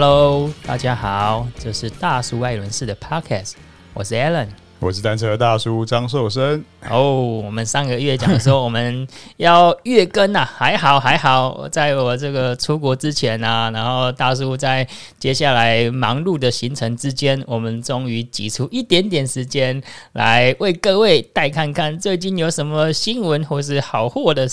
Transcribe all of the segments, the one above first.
Hello，大家好，這是大叔愛輪室的 Podcast，我是 Alan，我是單車大叔張壽生。哦，oh, 我們上個月講說我們要月更吶、啊， 還好還好，在我這個出國之前呢、啊，然後大叔在接下來忙碌的行程之間，我們終於擠出一點點時間來為各位帶看看最近有什麼新聞或是好貨的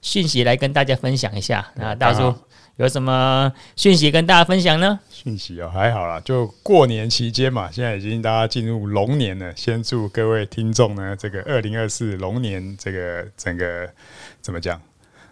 訊息來跟大家分享一下啊，大叔。有什麼訊息跟大家分享呢？訊息哦、喔，還好啦。就過年期間嘛，現在已經大家進入龍年了。先祝各位聽眾呢，這個二零二四龍年，這個整個怎麼講，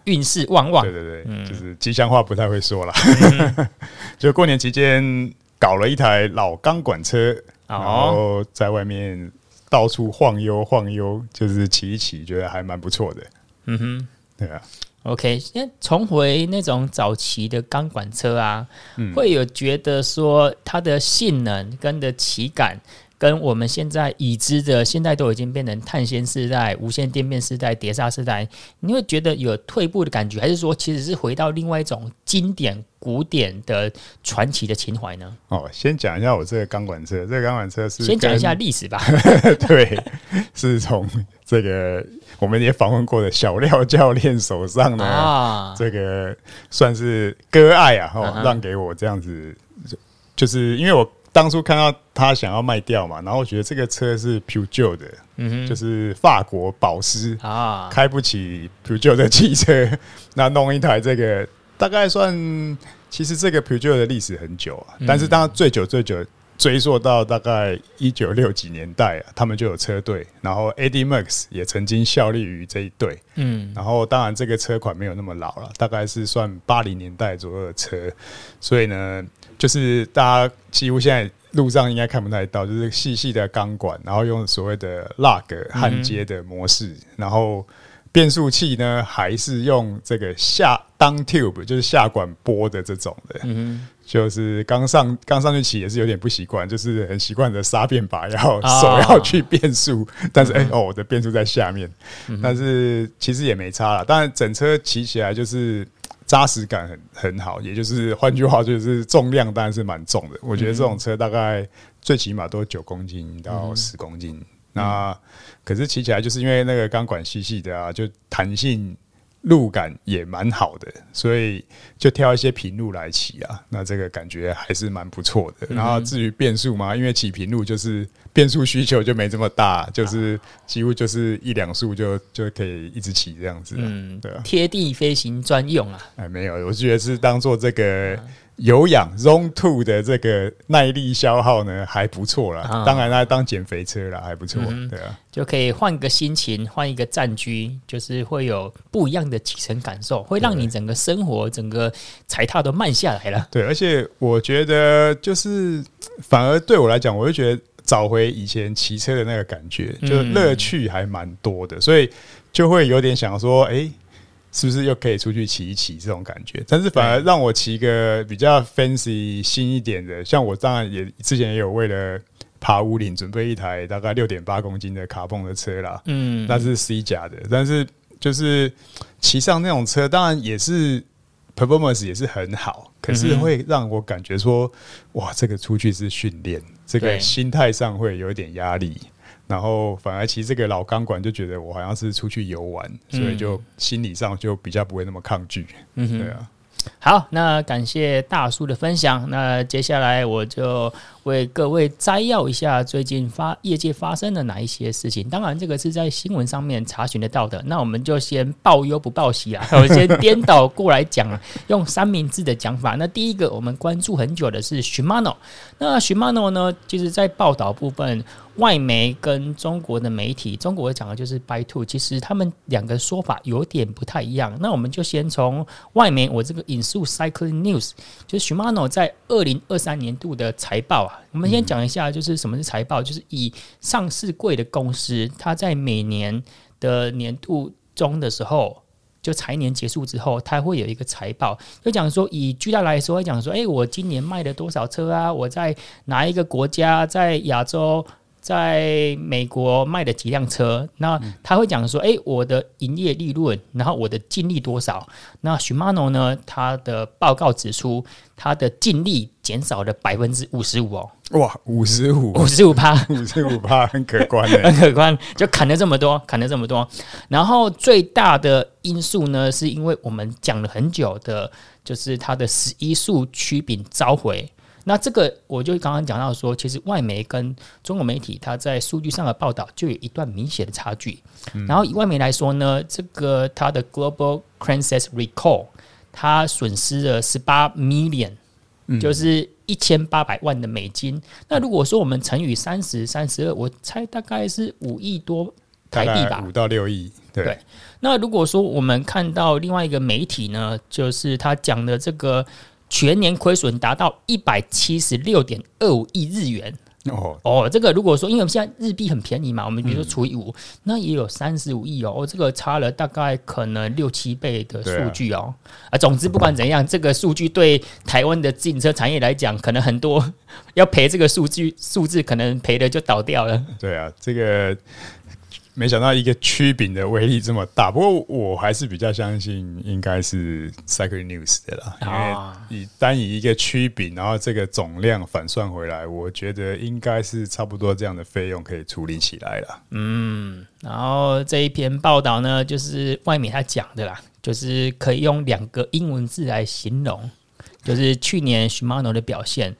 運勢旺旺。對對對，嗯、就是吉祥話不太會說了。嗯、哼 就過年期間搞了一台老鋼管車，哦、然後在外面到處晃悠晃悠，就是騎一騎，覺得還蠻不錯的。嗯哼。對啊，OK，那重回那種早期的鋼管車啊，嗯、會有覺得說它的性能跟的騎感，跟我們現在已知的，現在都已經變成碳纖時代、無線電變時代、碟剎時代，你會覺得有退步的感覺，還是說其實是回到另外一種經典、古典的傳奇的情懷呢？哦，先講一下我這個鋼管車，這個鋼管車是先講一下歷史吧。 對，是從這個我們也訪問過的小廖教練手上呢，這個算是割愛啊，哦嗯、哼讓給我這樣子，就是因為我。當初看到他想要賣掉嘛，然後我覺得這個車是 Peugeot 的，嗯、哼就是法國寶獅啊，開不起 Peugeot 的汽車，那弄一台這個大概算，其實這個 Peugeot 的歷史很久啊，嗯、但是當然最久最久追溯到大概一九六幾年代啊，他們就有車隊，然後 Eddy Merckx 也曾經效力於這一隊，嗯，然後當然這個車款沒有那麼老了，大概是算八零年代左右的車，所以呢。就是大家幾乎現在路上應該看不太到就是細細的鋼管，然後用所謂的 lug 焊接的模式，嗯、哼然後變速器呢還是用這個下 down tube，就是下管撥的這種的。嗯、哼就是剛上剛上去騎也是有點不習慣，就是很習慣的剎變把要，然後、啊、手要去變速，但是哎、欸、哦，我的變速在下面，嗯、哼但是其實也沒差了。當然整車騎起來就是。扎實感很很好，也就是換句話就是重量當然是蠻重的。我覺得這種車大概最起碼都九公斤到十公斤，那可是騎起來就是因為那個鋼管細細的啊，就彈性。路感也蠻好的，所以就挑一些平路來騎啊，那這個感覺還是蠻不錯的。嗯、哼然後至於變速嘛，因為騎平路就是變速需求就沒這麼大，就是幾乎就是一兩速就就可以一直騎這樣子、啊。嗯，對啊，貼、嗯、地飛行專用啊。哎，沒有，我覺得是當做這個。有氧，Zone 2的這個耐力消耗呢還不錯了，當然啦，當減肥車了，還不錯，對啊，就可以換個心情，換一個站居，就是會有不一樣的騎乘感受，會讓你整個生活對對對整個踩踏都慢下來了。對，而且我覺得就是反而對我來講，我就覺得找回以前騎車的那個感覺，就樂趣還蠻多的，所以就會有點想說，哎、欸。是不是又可以出去騎一騎這種感覺？但是反而讓我騎個比較 fancy 新一點的，像我當然也之前也有為了爬武嶺準備一台大概六點八公斤的 carbon 的車啦，嗯，嗯，那是 C 夾的。但是就是騎上那種車，當然也是 performance 也是很好，可是會讓我感覺說，哇，這個出去是訓練，這個心態上會有一點壓力。然後反而其實這個老鋼管就覺得我好像是出去遊玩，嗯、所以就心理上就比較不會那麼抗拒。嗯哼，對啊。好，那感謝大叔的分享。那接下來我就為各位摘要一下最近發業界發生的哪一些事情。當然，這個是在新聞上面查詢得到的。那我們就先報憂不報喜啊，我先顛倒過來講， 用三明治的講法。那第一個我們關注很久的是 Shimano，那 Shimano 呢，其實在報道部分。外媒跟中國的媒體，中國講的就是 by two，其實他們兩個說法有點不太一樣。那我們就先從外媒，我這個引述 Cycle News，就是許瑪 m 在二零二三年度的財報啊。我們先講一下，就是什麼是財報，嗯、就是以上市貴的公司，它在每年的年度中的時候，就財年結束之後，它會有一個財報，就講說以巨大來說，講說，哎、欸，我今年賣了多少車啊？我在哪一個國家，在亞洲？在美國賣的幾輛車，那他會講說：“哎、嗯欸，我的營業利潤，然後我的淨利多少？”那 Shimano 呢？他的報告指出，他的淨利減少了百分之五十五哦。哇，五十五，五十五%，五十五%，很可觀的， 很可觀，就砍了這麼多，砍了這麼多。然後最大的因素呢，是因為我們講了很久的，就是他的十一速曲柄召回。那這個，我就剛剛講到說，其實外媒跟中國媒體，它在數據上的報道就有一段明顯的差距。嗯、然後以外媒來說呢，這個它的 Global Crisis Recall，它損失了十八 million，、嗯、就是一千八百萬的美金。嗯、那如果說我們乘以三十三十二，我猜大概是五億多台幣吧，五到六億。對，對。那如果說我們看到另外一個媒體呢，就是他講的這個。全年虧損達到一百七十六點二五億日元哦哦，這個如果說因為我們現在日幣很便宜嘛，我們比如說除以五，嗯、那也有三十五億哦，哦這個差了大概可能六七倍的數據哦對啊，啊、總之不管怎樣， 這個數據對台灣的自行車產業來講，可能很多要賠這個數據數字，可能賠的就倒掉了。對啊，這個。沒想到一個曲柄的威力這麼大，不過我還是比較相信應該是 Cycling News 的啦，因為以單以一個曲柄，然後這個總量反算回來，我覺得應該是差不多這樣的費用可以處理起來了。嗯，然後這一篇報道呢，就是外面他講的啦，就是可以用兩個英文字來形容，就是去年 Shimano 的表現。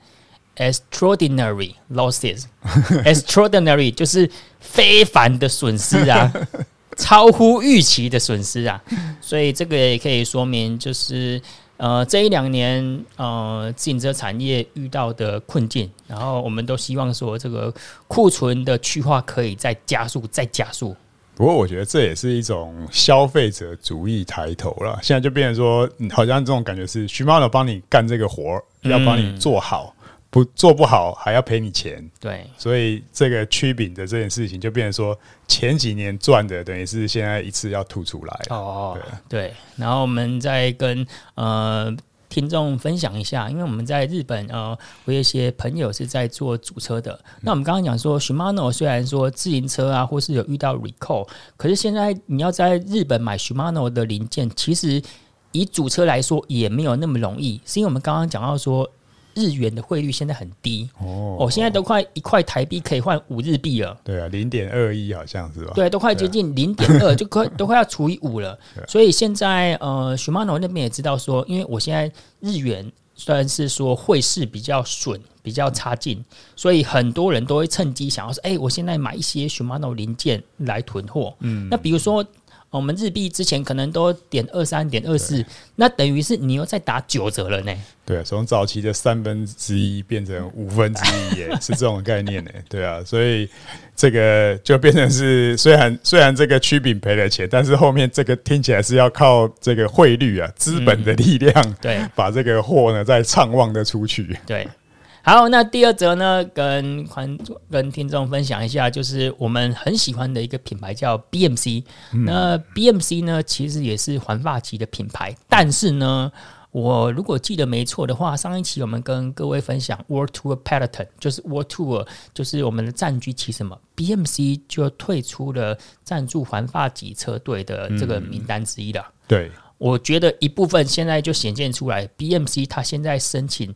Extraordinary losses，Extraordinary 就是非凡的損失啊， 超乎預期的損失啊，所以這個也可以說明，就是呃，這一兩年呃，自行車產業遇到的困境，然後我們都希望說，這個庫存的去化可以再加速，再加速。不過我覺得這也是一種消費者主義抬頭了，現在就變成說，好像這種感覺是徐貓腦幫你幹這個活，要幫你做好。嗯不做不好還要賠你錢，對，所以這個曲柄的這件事情就變成說，前幾年賺的等於是現在一次要吐出來哦，哦，哦。對，對，然後我們再跟呃聽眾分享一下，因為我們在日本呃，我有一些朋友是在做主車的。嗯、那我們剛剛講說，Shimano 雖然說自行車啊，或是有遇到 recall，可是現在你要在日本買 Shimano 的零件，其實以主車來說也沒有那麼容易，是因為我們剛剛講到說。日元的匯率現在很低哦，我、哦、現在都快一塊台幣可以換五日幣了。對啊，零點二一好像是吧？對、啊，都快接近零點二，就快都快要除以五了。啊、所以現在呃，Shimano 那邊也知道說，因為我現在日元雖然是說匯市比較損，比較差勁，所以很多人都會趁機想要說，哎、欸，我現在買一些 Shimano 零件來囤貨。嗯，那比如說。我們日幣之前可能都點二三點二四對，那等於是你又再打九折了呢。對，從早期的三分之一變成五分之一，哎，3，是這種概念呢。 對啊，所以這個就變成是，雖然雖然這個曲柄賠了錢，但是後面這個聽起來是要靠這個匯率啊，資本的力量，嗯、對，把這個貨呢再暢旺的出去，對。好，那第二則呢，跟跟聽眾分享一下，就是我們很喜歡的一個品牌叫 BMC、嗯。那 BMC 呢，其實也是環法級的品牌，但是呢，我如果記得沒錯的話，上一期我們跟各位分享 World Tour Peloton，就是 World Tour，就是我們的戰局，其實嘛，BMC 就退出了贊助環法級車隊的這個名單之一了、嗯。對，我覺得一部分現在就顯現出來，BMC 它現在申請。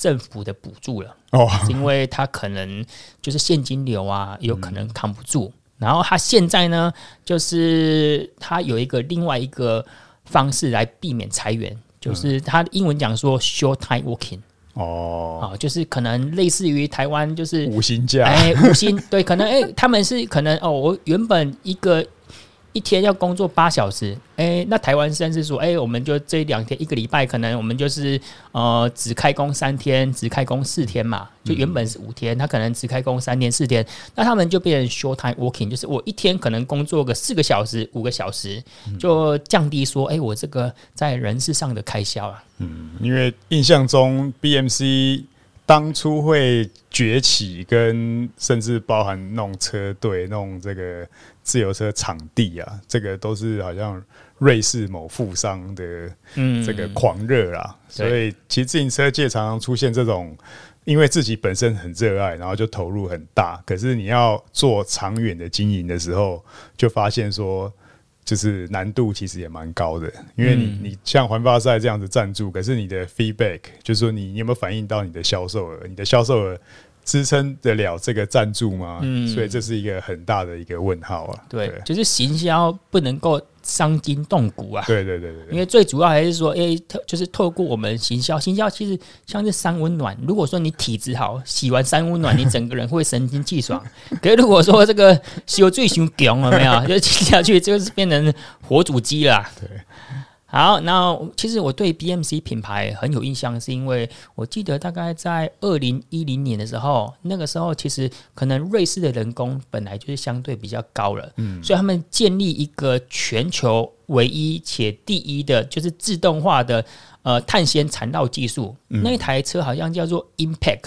政府的補助了哦，oh、因為他可能就是現金流啊，有可能扛不住。嗯、然後他現在呢，就是他有一個另外一個方式來避免裁員，就是他英文講說 short time working 哦、oh 啊、就是可能類似於台灣就是無薪假。誒、欸，無薪 對，可能誒、欸，他們是可能哦，我原本一個。一天要工作八小時，誒、欸，那台灣甚至說，誒、欸，我們就這兩天一個禮拜，可能我們就是呃，只開工三天，只開工四天嘛，就原本是五天，他可能只開工三天四天，那他們就變成 short time working，就是我一天可能工作個四個小時五個小時，就降低說，誒、欸，我這個在人事上的開銷啊。嗯，因為印象中 BMC 當初會崛起，跟甚至包含弄車隊弄這個。自由車場地啊，這個都是好像瑞士某富商的這個狂熱啦。嗯，所以騎自行車界常常出現這種，因為自己本身很熱愛，然後就投入很大。可是你要做長遠的經營的時候，就發現說，就是難度其實也蠻高的。因為你你像環法賽這樣子贊助，可是你的 feedback，就是說你你有沒有反映到你的銷售額？你的銷售額？支撐得了這個贊助嗎？嗯，所以這是一個很大的一個問號啊。對，對就是行銷不能夠傷筋動骨啊。對對對對，對，因為最主要還是說，哎、欸，透就是透過我們行銷，行銷其實像是三溫暖。如果說你體質好，洗完三溫暖，你整個人會神清氣爽。 可是如果說這個修最凶窮了沒有，就洗下去就是變成火煮雞了、啊。對好，那其實我對 BMC 品牌很有印象，是因為我記得大概在二零一零年的時候，那個時候其實可能瑞士的人工本來就是相對比較高了，嗯，所以他們建立一個全球唯一且第一的就是自動化的呃碳纖纏繞技術，那台車好像叫做 Impec。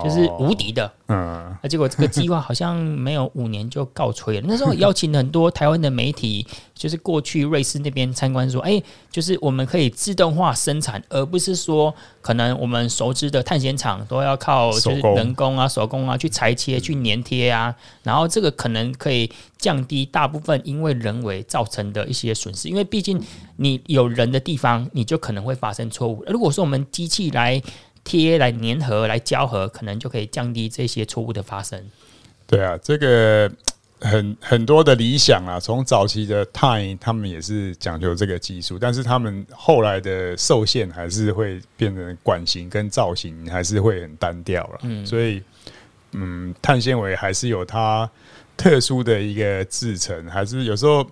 就是無敵的、哦，嗯，那、啊、結果這個計劃好像沒有五年就告吹了。 那時候邀請很多台灣的媒體，就是過去瑞士那邊參觀，說，哎、欸，就是我們可以自動化生產，而不是說可能我們熟知的碳纖廠都要靠就是人工啊、手工,手工啊去裁切、去粘貼啊，然後這個可能可以降低大部分因為人為造成的一些損失，因為畢竟你有人的地方，你就可能會發生錯誤。如果說我們機器來。貼來粘合來交合，可能就可以降低這些錯誤的發生。對啊，這個很很多的理想啊，從早期的碳，他們也是講究這個技術，但是他們後來的受限，還是會變成管型跟造型，還是會很單調了，嗯。嗯，所以嗯，碳纖維還是有它特殊的一個製程，還是有時候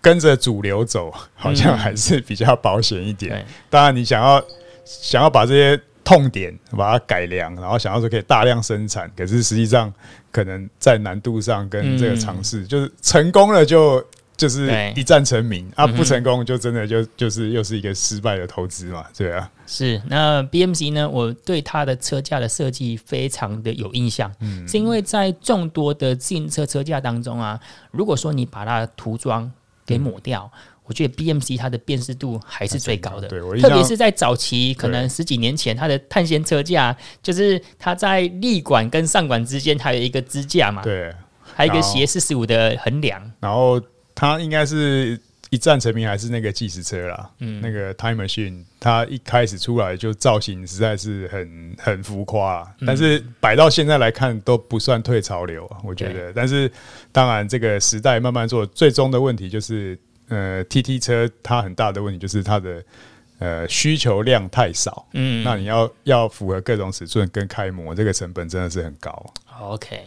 跟着主流走，好像還是比較保險一點。嗯、當然，你想要想要把這些。痛點，把它改良，然後想要說可以大量生產，可是實際上可能在難度上跟這個嘗試，嗯、就是成功了就就是一戰成名對啊，嗯、哼不成功就真的就就是又是一個失敗的投資嘛，對啊。是那 BMC 呢，我對它的車架的設計非常的有印象，嗯、是因為在眾多的自行車車架當中啊，如果說你把它塗裝給抹掉。嗯我覺得 BMC 它的辨識度還是最高的，特別是在早期，可能十幾年前，它的碳纖車架就是它在立管跟上管之間它有一個支架嘛，對，還有一個斜四十五的橫梁。然後它應該是一戰成名，還是那個計時車啦？嗯，那個 Timemachine 它一開始出來就造型實在是很很浮誇啊，但是擺到現在來看都不算退潮流啊。我覺得，但是當然這個時代慢慢做，最終的問題就是。呃，TT 車它很大的問題就是它的呃需求量太少，嗯，那你要要符合各種尺寸跟開模，這個成本真的是很高。OK。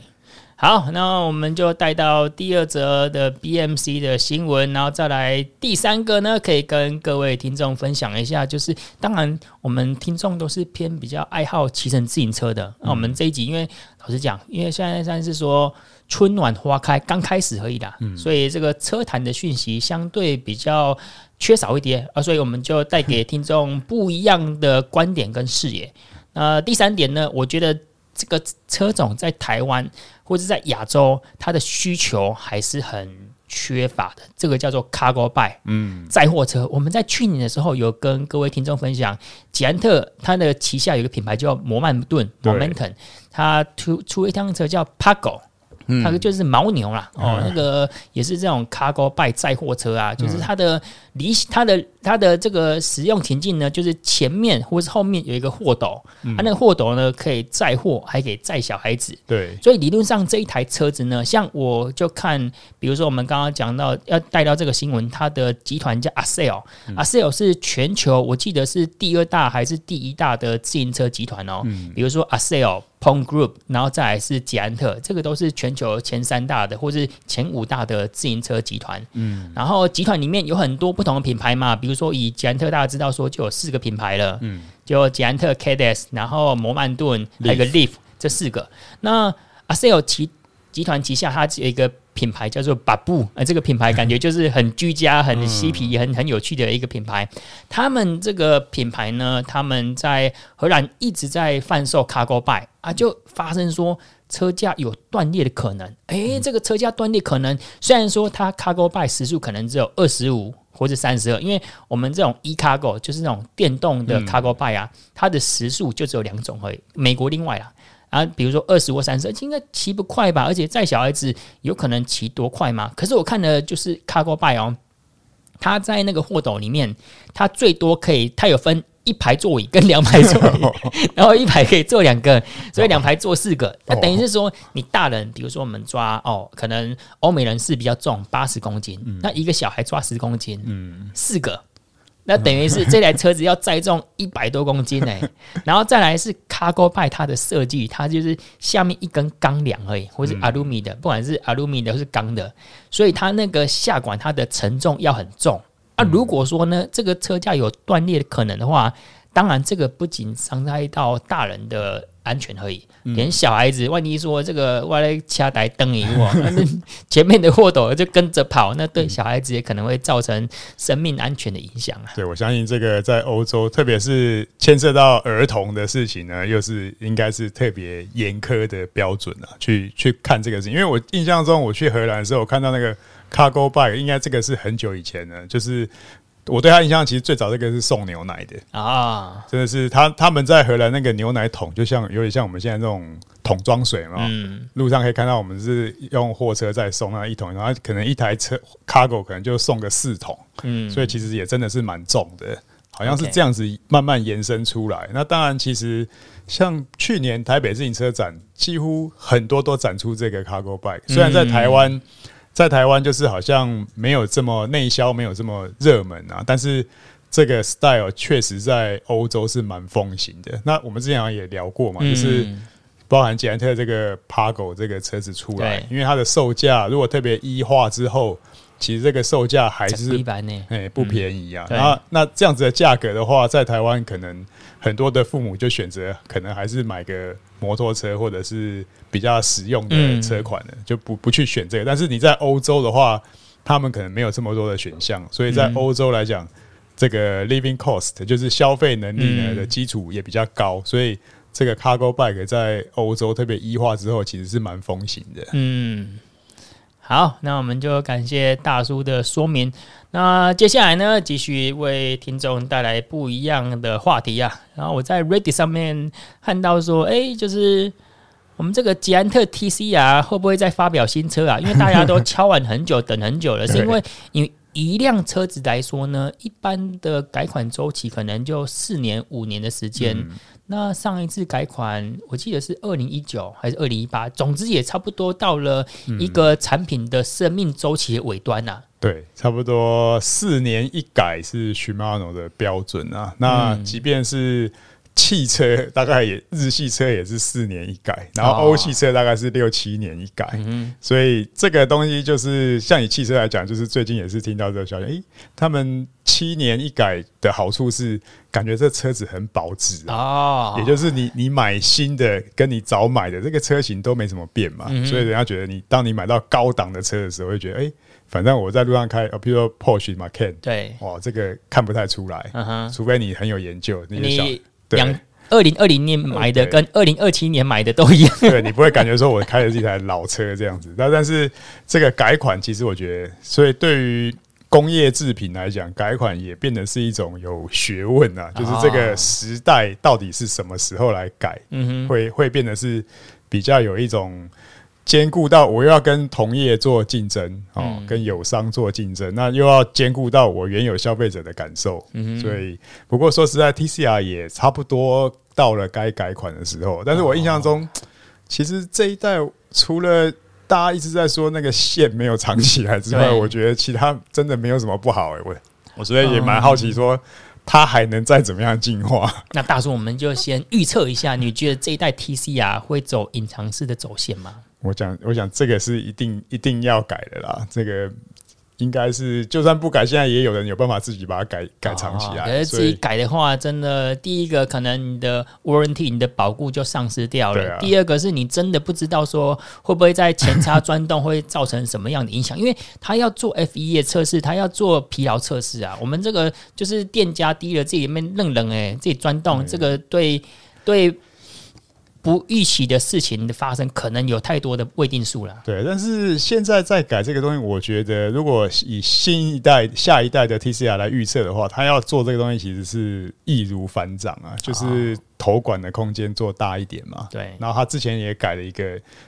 好，那我們就帶到第二則的 BMC 的新聞，然後再來第三個呢，可以跟各位聽眾分享一下。就是當然，我們聽眾都是偏比較愛好騎乘自行車的。嗯、那我們這一集，因為老實講，因為現在算是說春暖花開剛開始而已啦，嗯、所以這個車壇的訊息相對比較缺少一點啊，所以我們就帶給聽眾不一樣的觀點跟視野。嗯、那第三點呢，我覺得這個車種在台灣。或者在亞洲，它的需求還是很缺乏的。這個叫做 cargo bike，嗯，載貨車。我們在去年的時候有跟各位聽眾分享，捷安特它的旗下有一個品牌叫摩曼頓 Momentum，它出出一輛車叫 Pago，它就是犛牛啦。嗯、哦，那個也是這種 cargo bike 載貨車啊，就是它的離、嗯、它的。它的這個使用情境呢，就是前面或是後面有一個貨斗，它、嗯啊、那個貨斗呢可以載貨，還可以載小孩子。對，所以理論上這一台車子呢，像我就看，比如說我們剛剛講到要帶到這個新聞，它的集團叫阿 l 爾，阿 l e 是全球我記得是第二大還是第一大的自行車集團哦。嗯、比如說阿 l e Pon Group，然後再來是捷安特，這個都是全球前三大的或是前五大的自行車集團。嗯，然後集團裡面有很多不同的品牌嘛，嗯、比如。說以捷安特大家知道說就有四個品牌了。嗯，就捷安特、KDS，然後摩曼頓 Leaf 還有個 Leaf 這四個。那阿 Accell 集團旗下它有一個品牌叫做 Babboe，啊，這個品牌感覺就是很居家、嗯、很嬉皮、很很有趣的一個品牌。他們這個品牌呢，他們在荷蘭一直在販售 Cargo Bike 啊，就發生說車架有斷裂的可能。誒、欸，嗯、這個車架斷裂可能，雖然說它 Cargo Bike 時速可能只有二十五，或者三十二，因為我們這種 e cargo 就是那種電動的 cargo bike 啊，嗯、它的時速就只有兩種而已。美國另外啦，啊，比如說二十或三十二，應該騎不快吧？而且載小孩子有可能騎多快嘛？可是我看的就是 cargo bike 哦、喔，它在那個貨斗裡面，它最多可以，它有分。一排座椅跟兩排座椅， 然後一排可以坐兩個，所以兩排坐四個。那等於是說，你大人，比如說我們抓哦，可能歐美人是比較重，八十公斤，那一個小孩抓十公斤，四個，那等於是這台車子要載重一百多公斤呢、哎。然後再來是 Cargo Bike 它的設計，它就是下面一根鋼梁而已，或是 Alumi 的，不管是 Alumi 的或是鋼的，所以它那個下管它的承重要很重。啊，如果說呢，這個車架有斷裂的可能的話，當然這個不僅傷害到大人的安全而已，連小孩子，萬一說這個外來其台燈一 前面的貨斗就跟着跑，那對小孩子也可能會造成生命安全的影響啊。對，我相信這個在歐洲，特別是牽涉到兒童的事情呢，又是應該是特別嚴苛的標準啊，去去看這個事情。因為我印象中，我去荷蘭的時候，我看到那個。Cargo bike 應該這個是很久以前的。就是我對他印象其實最早這個是送牛奶的啊，真的是他他們在荷蘭那個牛奶桶，就像有點像我們現在這種桶裝水嘛，嗯，路上可以看到我們是用貨車在送那一桶，然後可能一台車 Cargo 可能就送個四桶，嗯，所以其實也真的是蠻重的，好像是這樣子慢慢延伸出來。Okay 那當然，其實像去年台北自行車展，幾乎很多都展出這個 Cargo bike，雖然在台灣。嗯在台灣就是好像沒有這麼內銷，沒有這麼熱門啊。但是這個 style 確實在歐洲是蠻風行的。那我們之前好像也聊過嘛，嗯、就是包含捷安特這個 Pago 這個車子出來，對因為它的售價如果特別一、e、化之後，其實這個售價還是誒、欸、不便宜啊。那、嗯、那這樣子的價格的話，在台灣可能很多的父母就選擇可能還是買個。摩托車或者是比較實用的車款呢，嗯、就不不去選這個。但是你在歐洲的話，他們可能沒有這麼多的選項，所以在歐洲來講，嗯、這個 living cost 就是消費能力呢的基礎也比較高，嗯、所以這個 cargo bike 在歐洲特別異化之後，其實是蠻風行的。嗯。好，那我們就感謝大叔的說明。那接下來呢，繼續為聽眾帶來不一樣的話題啊。然後我在 Reddit 上面看到說，哎、欸，就是我們這個捷安特 TCR 啊，會不會再發表新車啊？因為大家都敲碗很久， 等很久了，是因為因為。一輛車子來說呢，一般的改款周期可能就四年五年的時間。嗯、那上一次改款，我記得是二零一九還是二零一八，總之也差不多到了一個產品的生命周期的尾端了，啊嗯。對，差不多四年一改是 Shimano 的標準啊。那即便是。汽車大概也日系車也是四年一改，然後歐系車大概是六七年一改，哦、所以這個東西就是像以汽車來講，就是最近也是聽到這個消息，哎、欸，他們七年一改的好處是感覺這車子很保值啊，哦、也就是你你買新的跟你早買的這個車型都沒什麼變嘛，嗯、所以人家覺得你當你買到高檔的車的時候，會覺得哎、欸，反正我在路上開，比如說 Porsche 嘛，Macan 對，哇，這個看不太出來，嗯、哼除非你很有研究，你。兩二零二零年買的跟二零二七年買的都一樣。對，對你不會感覺說我開的是一台老車這樣子。那 但是這個改款，其實我覺得，所以對於工業製品來講，改款也變得是一種有學問啊。哦，就是這個時代到底是什麼時候來改？嗯哼，會會變得是比較有一種。兼顧到我又要跟同業做競爭哦，嗯嗯跟友商做競爭，那又要兼顧到我原有消費者的感受，嗯哼，嗯、所以不過說實在，TCR 也差不多到了該改款的時候。但是我印象中，哦、其實這一代除了大家一直在說那個線沒有藏起來之外，對我覺得其他真的沒有什麼不好哎、欸。我我所以也蠻好奇說它還能再怎麼樣進化。哦、 那大叔，我們就先預測一下，你覺得這一代 TCR 會走隱藏式的走線嗎？我想，我想這個是一定一定要改的啦。這個應該是，就算不改，現在也有人有辦法自己把它改改藏起來哦哦以。自己改的話，真的，第一個可能你的 warranty，你的保固就喪失掉了。啊、第二個是你真的不知道說會不會在前叉鑽洞會造成什麼樣的影響， 因為他要做 FEA 的測試，他要做疲勞測試啊。我們這個就是店家低了這裡面愣愣哎，自己鑽洞，嗯、這個對對。不預期的事情的發生，可能有太多的未定數了。對，但是現在在改這個東西，我覺得如果以新一代、下一代的 TCR 來預測的話，他要做這個東西其實是易如反掌啊，就是。頭管的空間做大一點嘛？對。然後他之前也改了一個，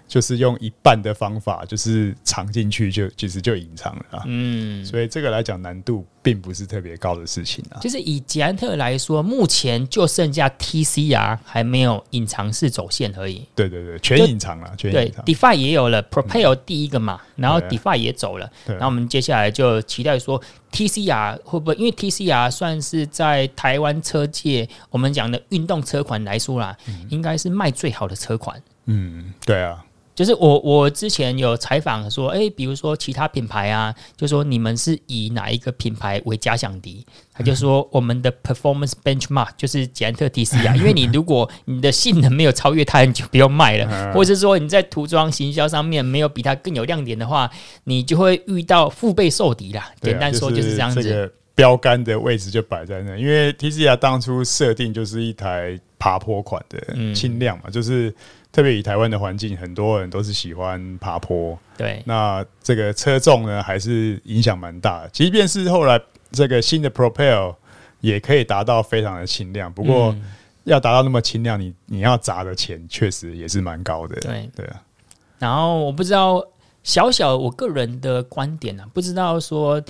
就是用一半的方法，就是藏進去就其實就隱藏了、啊。嗯，所以這個來講難度並不是特別高的事情啊。就是以捷安特來說，目前就剩下 TCR 還沒有隱藏式走線而已。對對對，全隱藏了，就全隱藏，對全隱藏。對，Defy 也有了，Propel 第一個嘛，嗯、然後 Defy 也走了，啊、然後我們接下來就期待說。T C R 會不會？因為 T C R 算是在台灣車界，我們講的運動車款來說啦，嗯、應該是賣最好的車款。嗯，對啊。就是我，我之前有採訪說，哎、欸，比如說其他品牌啊，就說你們是以哪一個品牌為假想敵？他、嗯、就說我們的 performance benchmark 就是捷安特 T C R，因為你如果你的性能沒有超越它，你就不用賣了，嗯、或者是說你在塗裝、行銷上面沒有比它更有亮點的話，你就會遇到腹背受敵啦。啊、簡單說就是這樣子，這個標杆的位置就擺在那裡，因為 T C R 當初設定就是一台爬坡款的輕量嘛，嗯、就是。特別以台灣的環境，很多人都是喜歡爬坡。對，那這個車重呢，還是影響蠻大的。即便是後來這個新的 Propel 也可以達到非常的輕量，不過要達到那麼輕量，你你要砸的錢確實也是蠻高的。對對啊。然後我不知道小小我個人的觀點啊，不知道說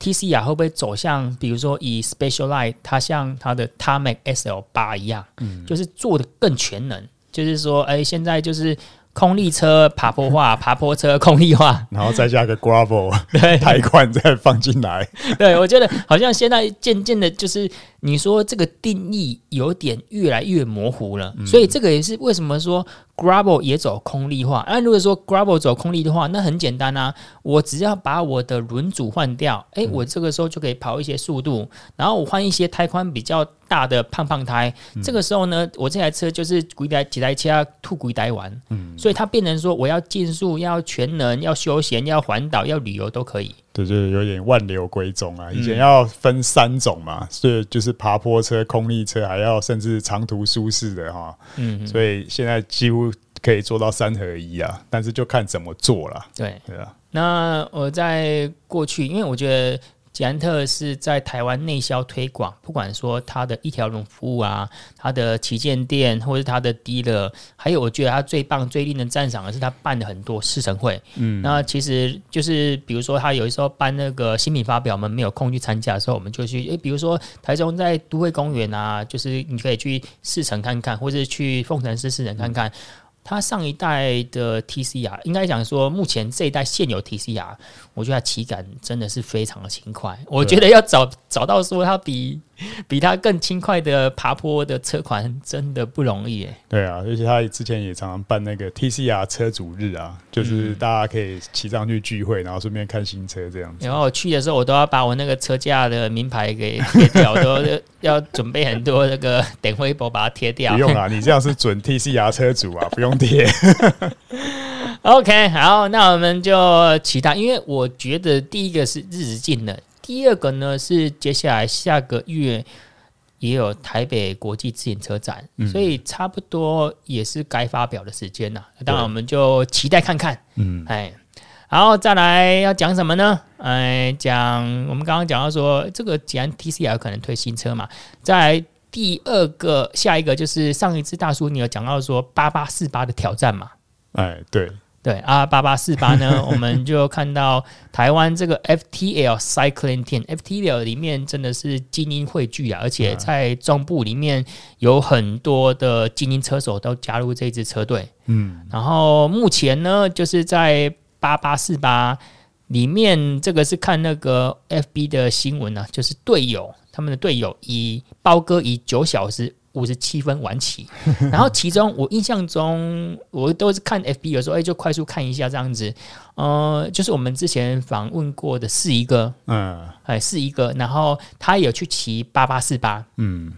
T C R 會不會走向，比如說以 Special Light，它像它的 Tarmac SL8 一樣，嗯，就是做得更全能。就是說，哎、欸，現在就是空力車爬坡化， 爬坡車空力化，然後再加個 gravel，再胎寬，再放進來。對，我覺得好像現在漸漸的，就是你說這個定義有點越來越模糊了。嗯、所以這個也是為什麼說。Gravel 也走空力化，那、啊、如果說 Gravel 走空力的話，那很簡單啊，我只要把我的輪組換掉，誒、欸，我這個時候就可以跑一些速度，然後我換一些胎寬比較大的胖胖胎，這個時候呢，我這台車就是鬼一台幾台車吐鬼一台玩，嗯，所以它變成說我要競速，要全能，要休閒，要環島，要旅遊都可以。就有點萬流歸宗啊！以前要分三種嘛，所以就是爬坡車、空力車，還要甚至長途舒適的哈。嗯，所以現在幾乎可以做到三合一啊，但是就看怎麼做啦。對。對啊。那我在過去，因為我覺得。捷安特是在台灣內銷推廣，不管說它的一條龍服務啊、它的旗艦店，或者是它的 dealer，還有我覺得它最棒、最令人讚賞的是，它辦了很多試乘會。嗯，那其實就是比如說，它有時候辦那個新品發表，我們沒有空去參加的時候，我們就去，誒、欸，比如說台中在都會公園啊，就是你可以去試乘看看，或者去風城市試乘看看。它上一代的 T C R，應該講說，目前這一代現有 T C R，我覺得它體感真的是非常的輕快。嗯、我覺得要找找到說它比。比它更輕快的爬坡的車款真的不容易，哎、欸。對啊，而且他之前也常常辦那個 T C R 車主日啊，就是大家可以騎上去聚會，然後順便看新車這樣子。嗯、然後我去的時候，我都要把我那個車架的名牌給貼掉， 都要準備很多那個電火布把它貼掉。不用啊，你這樣是準 T C R 車主啊， 不用貼。 OK，好，那我們就其他，因為我覺得第一個是日子近了。第二個呢是接下來下個月也有台北國際自行車展，嗯、所以差不多也是該發表的時間了，啊。對。當然，我們就期待看看。嗯，哎，然後再來要講什麼呢？哎，講我們剛剛講到說這個捷安特 TCR 有可能推新車嘛。再第二個，下一個就是上一次大叔你有講到說八八四八的挑戰嘛？哎，對。對啊，八八四八呢， 我們就看到台灣這個 F T L Cycling Team，F T L 裡面真的是精英匯聚啊，而且在中部裡面有很多的精英車手都加入這支車隊。嗯，然後目前呢，就是在八八四八裡面，這個是看那個 F B 的新聞呢、啊，就是隊友他們的隊友以包哥以九小時。五十七分晚起，然後其中我印象中， 我都是看 FB 有時候哎，就快速看一下這樣子。呃，就是我們之前訪問過的是一個，嗯，哎，是一個，然後他也有去騎八八四八，嗯，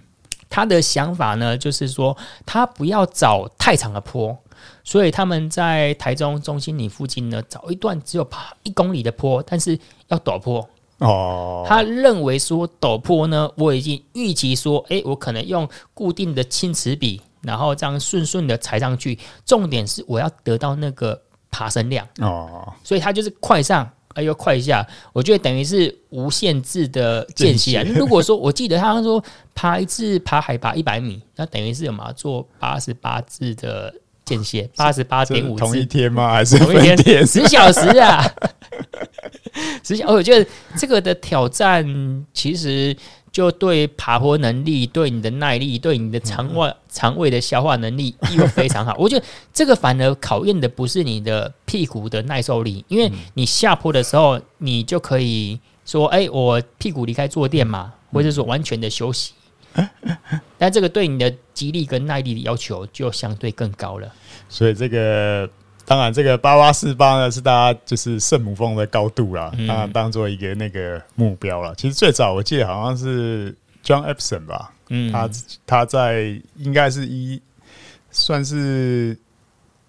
他的想法呢，就是說他不要找太長的坡，所以他們在台中中心里附近呢找一段只有爬一公里的坡，但是要陡坡。哦，oh. 他認為說陡坡呢，我已經預期說，誒、欸，我可能用固定的輕齒比，然後這樣順順的踩上去。重點是我要得到那個爬升量哦，oh. 所以他就是快上哎呦快下，我覺得等於是無限制的間歇啊。近期 如果說我記得他說爬一次爬海拔一百米，那等於是我們要做八十八次的。間歇八十八點五，同一天嗎？還是同一天？十 小時啊，十 小時。哦，我覺得這個的挑戰其實就對爬坡能力、對你的耐力、對你的腸胃、腸胃的消化能力又非常好。 我覺得這個反而考驗的不是你的屁股的耐受力，因為你下坡的時候，你就可以說：“哎、欸，我屁股離開坐墊嘛，或者說完全的休息。” 但這個對你的肌力跟耐力的要求就相對更高了。所以這個，當然這個八八四八呢，是大家就是聖母峰的高度啦，嗯、啊，當做一個那個目標了。其實最早我記得好像是 John Epson 吧，嗯他，他他在應該是一算是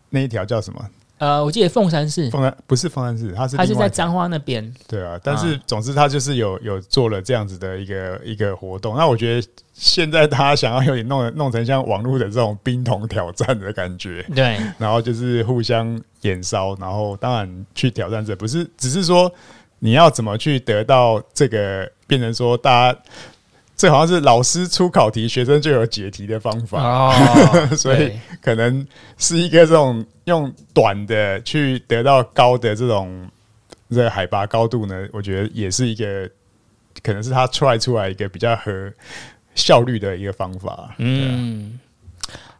那一條叫什麼？呃，我記得鳳山市，鳳山不是鳳山市，它是它是在彰化那邊。對啊，但是總之，它就是有有做了這樣子的一個一個活動。那我覺得現在他想要有點弄弄成像網絡的這種冰桶挑戰的感覺。對，然後就是互相延燒，然後當然去挑戰者，不是只是說你要怎麼去得到這個，變成說大家。這好像是老師出考題，學生就有解題的方法，哦、 所以可能是一個這種用短的去得到高的這種這個海拔高度呢。我覺得也是一個，可能是他出來出來一個比較和效率的一個方法。嗯。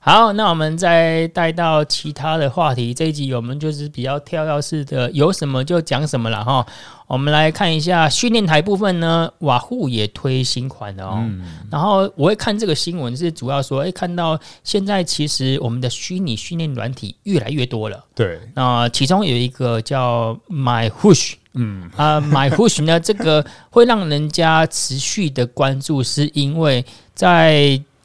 好，那我們再帶到其他的話題。這一集我們就是比較跳躍式的，有什麼就講什麼了哈。我們來看一下訓練台部分呢，Wahoo 也推新款了哦、喔。嗯嗯然後我會看這個新聞，是主要說，誒，看到現在其實我們的虛擬訓練軟體越來越多了。對啊、呃，其中有一個叫 MyWhoosh，嗯啊、呃、 ，MyWhoosh 呢，這個會讓人家持續的關注，是因為在。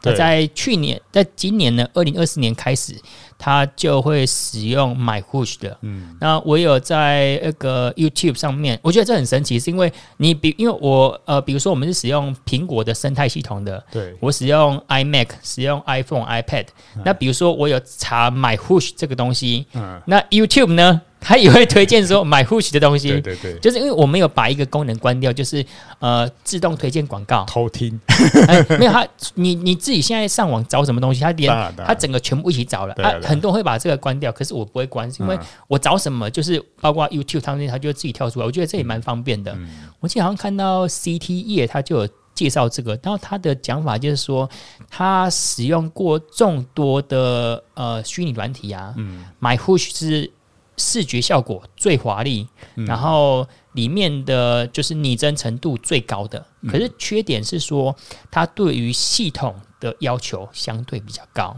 對在去年，在今年呢，二零二四年開始，他就會使用 MyWhoosh 的。嗯，那我有在那個 YouTube 上面，我覺得這很神奇，是因為你比因為我呃，比如說我們是使用蘋果的生態系統的，對，我使用 iMac、使用 iPhone、嗯、iPad。那比如說我有查 MyWhoosh 這個東西，嗯、那 YouTube 呢？他也會推薦說買護 u 的東西， 對對對，對，就是因為我沒有把一個功能關掉，就是呃自動推薦廣告偷聽、哎。沒有他，你你自己現在上網找什麼東西，他連 他整個全部一起找了。他、 啊啊啊啊、很多人會把這個關掉，可是我不會關，因為我找什麼就是包括 YouTube 他們，他就自己跳出來。我覺得這也蠻方便的。嗯、我記得好像看到 c t 頁，他就有介紹這個，然後他的講法就是說他使用過眾多的呃虛擬軟體啊，嗯，買護 u 是視覺效果最華麗，嗯、然後裡面的就是擬真程度最高的，嗯、可是缺點是說它對於系統的要求相對比較高。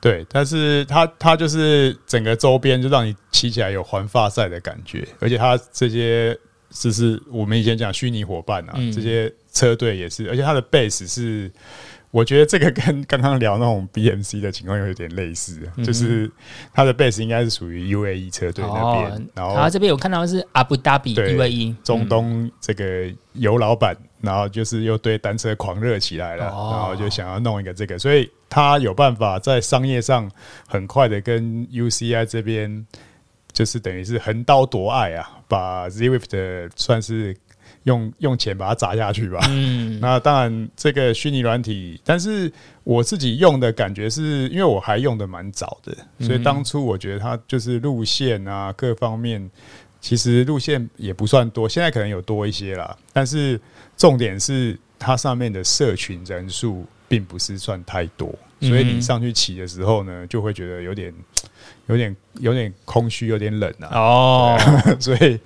對，但是它它就是整個周邊就讓你騎起來有環法賽的感覺，而且它這些就是我們以前講虛擬夥伴啊，嗯、這些車隊也是，而且它的 base 是。我覺得這個跟剛剛聊那種 BMC 的情況有點類似，就是他的 base 應該是屬於 UAE 車隊那邊。然後這邊我看到是阿布達比 UAE 中東這個油老板，然後就是又對單車狂熱起來了，然後就想要弄一個這個，所以他有辦法在商業上很快的跟 UCI 這邊就是等於是橫刀奪愛啊把，把 Zwift 算是。用用錢把它砸下去吧。嗯， 那當然，這個虛擬軟體，但是我自己用的感覺是，因為我還用得蠻早的，所以當初我覺得它就是路線啊，各方面其實路線也不算多，現在可能有多一些啦。但是重點是，它上面的社群人數並不是算太多，所以你上去騎的時候呢，就會覺得有點、有點、有點空虛，有點冷啊。哦啊，所以。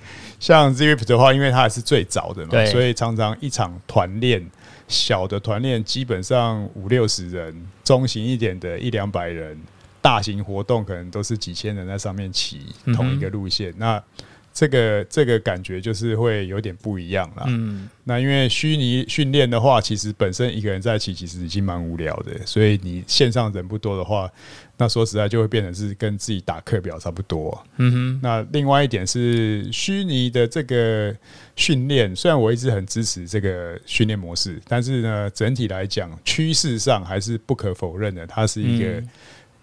像 Zip 的話，因為它還是最早的嘛，對所以常常一場團練，小的團練基本上五六十人，中型一點的，一兩百人，大型活動可能都是幾千人在上面騎同一個路線。嗯、哼那這個這個感覺就是會有點不一樣啦。嗯，那因為虛擬訓練的話，其實本身一個人在一起，其實已經蠻無聊的。所以你線上人不多的話，那說實在就會變成是跟自己打課表差不多。嗯哼。那另外一點是虛擬的這個訓練，雖然我一直很支持這個訓練模式，但是呢，整體來講趨勢上還是不可否認的，它是一個、嗯、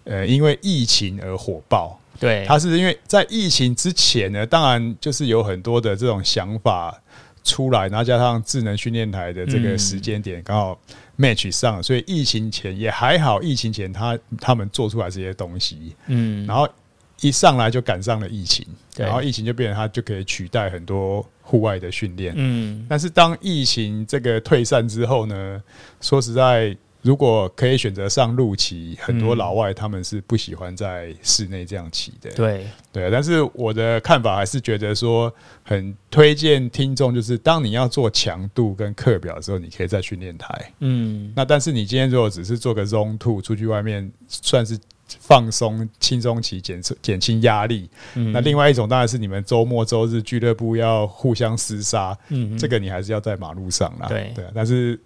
呃因為疫情而火爆。對，它是因為在疫情之前呢，當然就是有很多的這種想法出來，然後加上智能訓練台的這個時間點剛、嗯、好 match 上了，所以疫情前也還好。疫情前他，他他們做出來這些東西，嗯，然後一上來就趕上了疫情，對然後疫情就變成它就可以取代很多戶外的訓練，嗯。但是當疫情這個退散之後呢，說實在。如果可以選擇上路騎，很多老外他們是不喜歡在室內這樣騎的。嗯、對對，但是我的看法還是覺得說，很推薦聽眾，就是當你要做強度跟課表的時候，你可以在訓練台。嗯，那但是你今天如果只是做個 zone two，出去外面算是放鬆、輕鬆騎，減減輕壓力。嗯、那另外一種當然是你們周末、周日俱樂部要互相廝殺，嗯、哼這個你還是要在馬路上啦。對對，但是。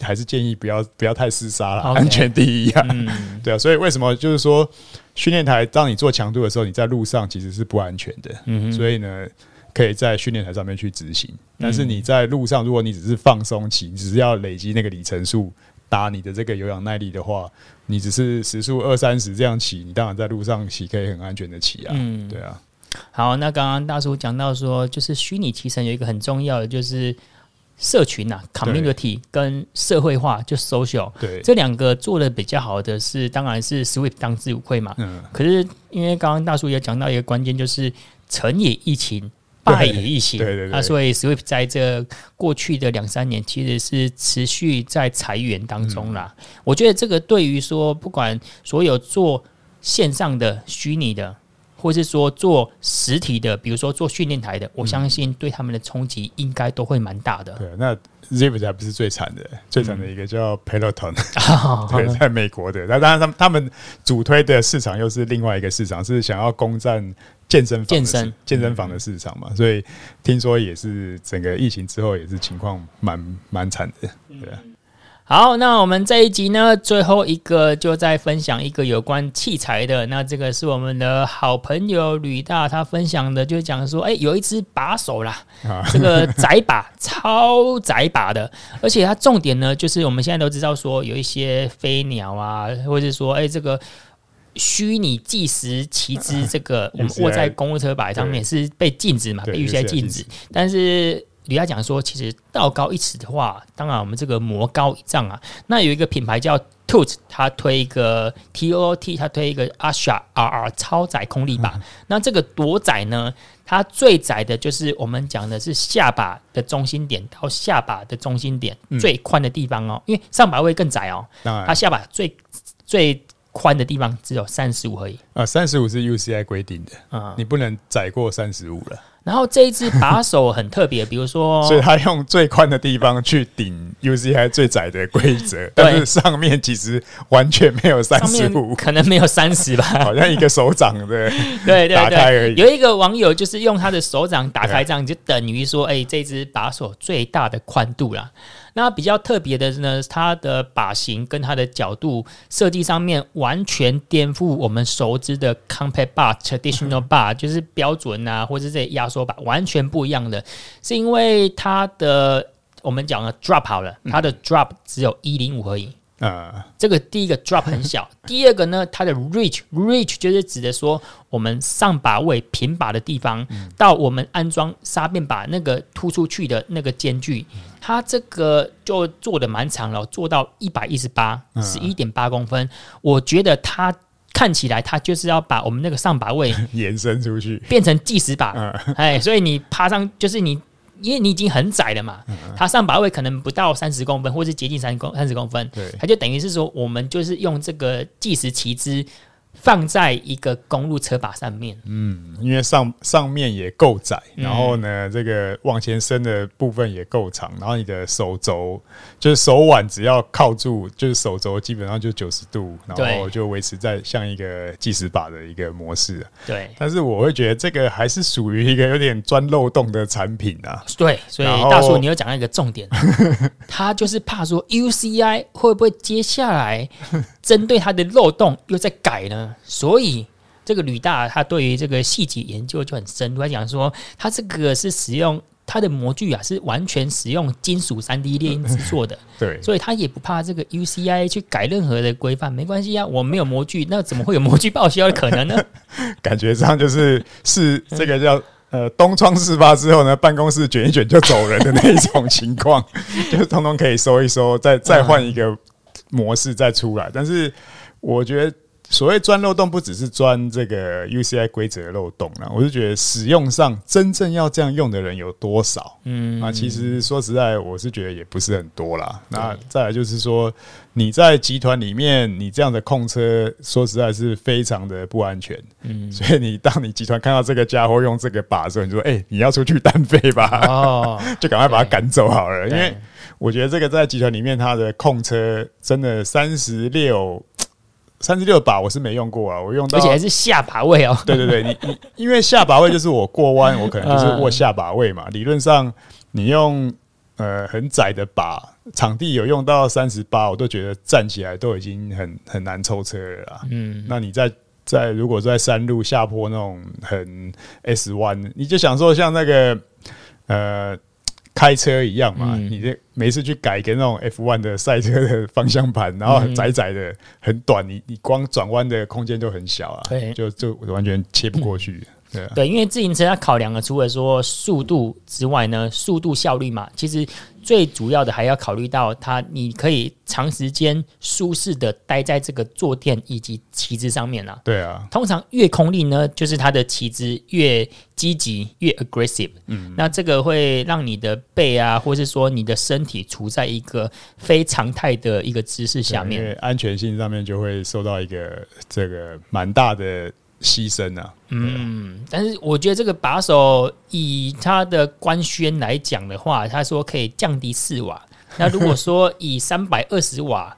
還是建議不要不要太廝殺了，okay, 安全第一啊！嗯、對啊，所以為什麼就是說，訓練台當你做強度的時候，你在路上其實是不安全的。嗯，所以呢，可以在訓練台上面去執行。但是你在路上，如果你只是放鬆騎，嗯、你只是要累積那個里程數，打你的這個有氧耐力的話，你只是時速二三十這樣騎，你當然在路上騎可以很安全的騎啊。嗯，對啊。好，那剛剛大叔講到說，就是虛擬騎乘有一個很重要的就是。社群啊 community 跟社會化對就 social，對這兩個做的比較好的是，當然是 Zwift 當之無愧嘛。嗯、可是因為剛剛大叔也講到一個關鍵，就是成也疫情，對敗也疫情。對對對啊，所以 Zwift 在這過去的兩三年其實是持續在裁員當中啦。嗯、我覺得這個對於說不管所有做線上的虛擬的。或是說做實體的，比如說做訓練台的，嗯、我相信對他們的衝擊應該都會蠻大的。對，那 Zip 不是最慘的，最慘的一個叫 Peloton，嗯、對，在美國的，那當然他們他們主推的市場又是另外一個市場，是想要攻佔健身房，健身健身房的市場嘛？所以聽說也是整個疫情之後也是情況蠻蠻慘的，對。嗯好，那我們這一集呢，最後一個就再分享一個有關器材的。那這個是我們的好朋友呂大，他分享的，就是講說，哎、欸，有一只把手啦，啊、這個窄把 超窄把的，而且它重點呢，就是我們現在都知道說，有一些飛鳥啊，或者是說，哎、欸，這個虛擬計時騎姿，這個我們握在公路車把上面是被禁止嘛，對被預些禁止，禁止但是。你要講說，其實道高一尺的話，當然我們這個魔高一丈啊。那有一個品牌叫 Toots，它推一個 T O O T，它推一個 Asha R R R R 超窄空力把。嗯、那這個多窄呢？它最窄的就是我們講的是下把的中心點到下把的中心點最寬的地方哦，嗯、因為上把位更窄哦，它下把最最。最寬的地方只有三十五而已啊，三十五是 U C I 規定的啊，嗯、你不能窄過三十五了。然後這一隻把手很特別， 比如說，所以他用最寬的地方去頂 U C I 最窄的規則，對但是上面其實完全沒有三十五，可能沒有三十吧， 好像一個手掌的打開而已，對對對，有一個網友就是用他的手掌打開這、啊欸，這樣就等於說，哎，這隻把手最大的寬度啦。那比較特別的是呢，它的把型跟它的角度設計上面，完全顛覆我們熟知的 compact bar、traditional bar，就是標準啊，或者這些壓縮把，完全不一樣的，是因為它的我們講了 drop 好了，它的 drop 只有一零五而已。Uh, 這個第一個 drop 很小， 第二個呢，它的 reach reach 就是指的說，我們上把位平把的地方，嗯、到我們安裝煞變把那個突出去的那個間距，嗯，它這個就做的蠻長了，做到118，11.8公分，uh, 我覺得它看起來它就是要把我們那個上把位 延伸出去，變成計時把，哎、uh, 所以你爬上就是你。因為你已經很窄了嘛，嗯、哼它上把位可能不到三十公分，或是接近三十公三十公分，對它就等於是說，我們就是用這個計時騎姿。放在一個公路車把上面，嗯，因為上上面也夠窄，然後呢，嗯、這個往前伸的部分也夠長，然後你的手肘就是手腕只要靠住，就是手肘基本上就九十度，然後就維持在像一個計時把的一個模式。對，但是我會覺得這個還是屬於一個有點鑽漏洞的產品啊。對，所以大叔，你有講到一個重點，後 他就是怕說 UCI 會不會接下來。針對它的漏洞又在改呢，所以這個呂大他對於這個細節研究就很深。他講說，他這個是使用他的模具啊，是完全使用金屬三 D 列印製作的。嗯、對，所以他也不怕這個 UCI 去改任何的規範，沒關係啊，我沒有模具，那怎麼會有模具報銷的可能呢？感覺上就是是這個叫呃東窗事發之後呢，辦公室卷一卷就走人的那一種情況， 就是通通可以收一收，再再換一個。嗯模式再出來，但是我覺得所謂鑽漏洞，不只是鑽這個 U C I 規則的漏洞啦。我是覺得使用上真正要這樣用的人有多少？嗯，那其實說實在，我是覺得也不是很多啦。對那再來就是說，你在集團裡面，你這樣的控車，說實在是非常的不安全。嗯，所以你當你集團看到這個家伙用這個把的時候，你說：“哎、欸，你要出去單飛吧，哦、 就趕快把他趕走好了。對”因為我覺得這個在集團裡面，它的控車真的三十六，三十六把我是沒用過啊，我用到而且還是下把位哦。對對對，你你因為下把位就是我過彎，我可能就是握下把位嘛。理論上，你用呃很窄的把場地有用到三十八，我都覺得站起來都已經很很難抽車了。嗯，那你在在如果在山路下坡那種很 S 彎，你就想說像那個呃。開車一樣嘛，你這每次去改個那種 F1 的賽車的方向盤，然後窄窄的、很短，你你光轉彎的空間就很小啊，就就完全切不過去。嗯對，因為自行車要考量的，除了說速度之外呢，速度效率嘛，其實最主要的還要考慮到它，你可以長時間舒適的待在這個坐墊以及騎姿上面了。對啊，通常越空力呢，就是它的騎姿越積極，越 aggressive。嗯，那這個會讓你的背啊，或是說你的身體處在一個非常態的一個姿勢下面，對，因為安全性上面就會受到一個這個蠻大的。犧牲啊！嗯，但是我覺得這個把手以它的官宣來講的話，他說可以降低四瓦。那如果說以三百二十瓦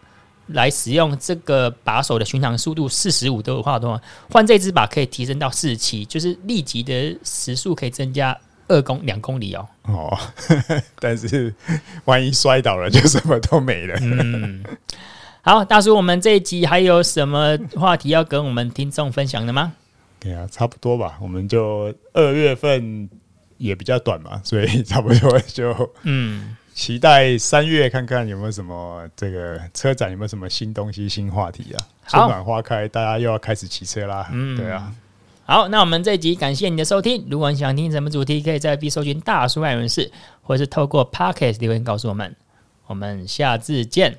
來使用這個把手的巡航速度四十五的話的話，換這只把可以提升到四十七，就是立即的時速可以增加二公兩公里哦。哦呵呵，但是萬一摔倒了就什麼都沒了。嗯好，大叔，我們這一集還有什麼話題要跟我們聽眾分享的嗎？對啊，差不多吧，我們就二月份也比較短嘛，所以差不多就嗯，期待三月看看有沒有什麼這個車展有沒有什麼新東西、新話題啊。好春暖花開，大家又要開始騎車啦。嗯，對啊。好，那我們這一集感謝你的收聽。如果你想聽什麼主題，可以在必收群大叔愛人士，或是透過 Pocket 留言告訴我們。我們下次見。